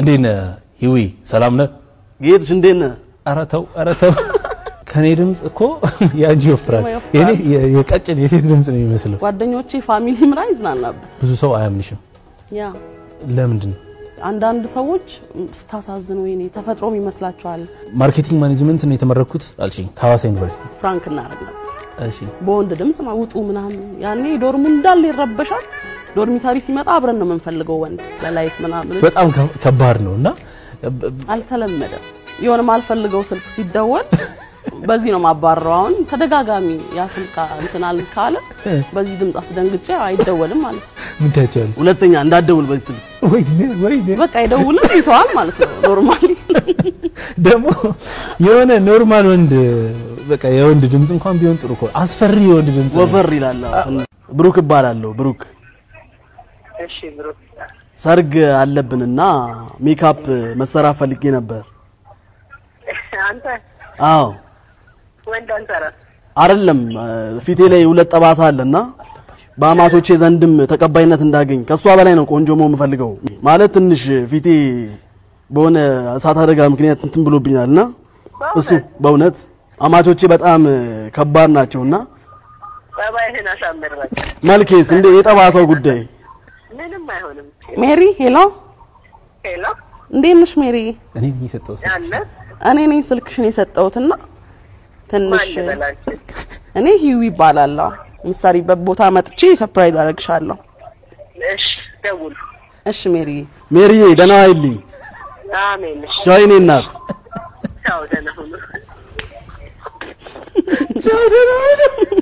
እንዴት ነህ ሂዊ? ሰላም ነህ? ጌጥሽ እንዴት ነህ? ኧረ ተው ኧረ ተው። ከኔ ድምጽ እኮ ያጂ ይወፍራል። የኔ የቀጭን የሴት ድምፅ ነው የሚመስለው። ጓደኞቼ ፋሚሊ ምራ ይዝናናበት። ብዙ ሰው አያምንሽም። ያ ለምንድን አንዳንድ ሰዎች ስታሳዝን፣ ወይኔ ተፈጥሮም ይመስላቸዋል። ማርኬቲንግ ማኔጅመንት ነው የተመረኩት አልሽኝ ከሐዋሳ ዩኒቨርሲቲ። ፍራንክ እናደርግ ነበር በወንድ ድምጽ ውጡ ምናምን። ያኔ ዶርሙ እንዳለ ይረበሻል። ዶርሚታሪ ሲመጣ አብረን ነው የምንፈልገው ወንድ ለላይት ምናምን በጣም ከባድ ነው እና አልተለመደም። የሆነ ማልፈልገው ስልክ ሲደወል በዚህ ነው ማባረረው። አሁን ተደጋጋሚ ያ ስልክ እንትናል ካለ በዚህ ድምፅ አስደንግጬ አይደወልም ማለት ነው። ምን ታያቸዋል? ሁለተኛ እንዳደውል በዚህ ስልክ ወይኔ ወይኔ፣ በቃ አይደውልም ይተዋል ማለት ነው። ኖርማሊ ደግሞ የሆነ ኖርማል ወንድ በቃ የወንድ ድምፅ እንኳን ቢሆን ጥሩ እኮ አስፈሪ የወንድ ድምፅ ወፈር ይላል። ብሩክ እባላለሁ ብሩክ ሰርግ አለብን እና ሜካፕ መሰራ ፈልጌ ነበር። አንተ? አዎ። ወንድ አንሰራ? አይደለም ፊቴ ላይ ሁለት ጠባሳ አለና በአማቾቼ ዘንድም ተቀባይነት እንዳገኝ ከሷ በላይ ነው ቆንጆ መሆን የምፈልገው። ማለት ትንሽ ፊቴ በሆነ እሳት አደጋ ምክንያት እንትን ብሎብኛልና እሱ በእውነት አማቾቼ በጣም ከባድ ናቸውና መልኬስ እንደ የጠባሳው ጉዳይ ሜሪ ሄሎ፣ ሄሎ፣ እንዴት ነሽ ሜሪ? እኔ ነኝ የሰጠሁት እኔ ነኝ ስልክሽን የሰጠሁትና ትንሽ እኔ ሂዊ ይባላል። ምሳሪ በቦታ መጥቼ ሰርፕራይዝ አደርግሻለሁ። እሺ፣ ደውል። እሺ ሜሪ፣ ሜሪ ደህና ዋይልኝ። አሜን። ቻው የእኔ እናት። ቻው፣ ደህና ሁኑ። ቻው፣ ደህና ሁኑ።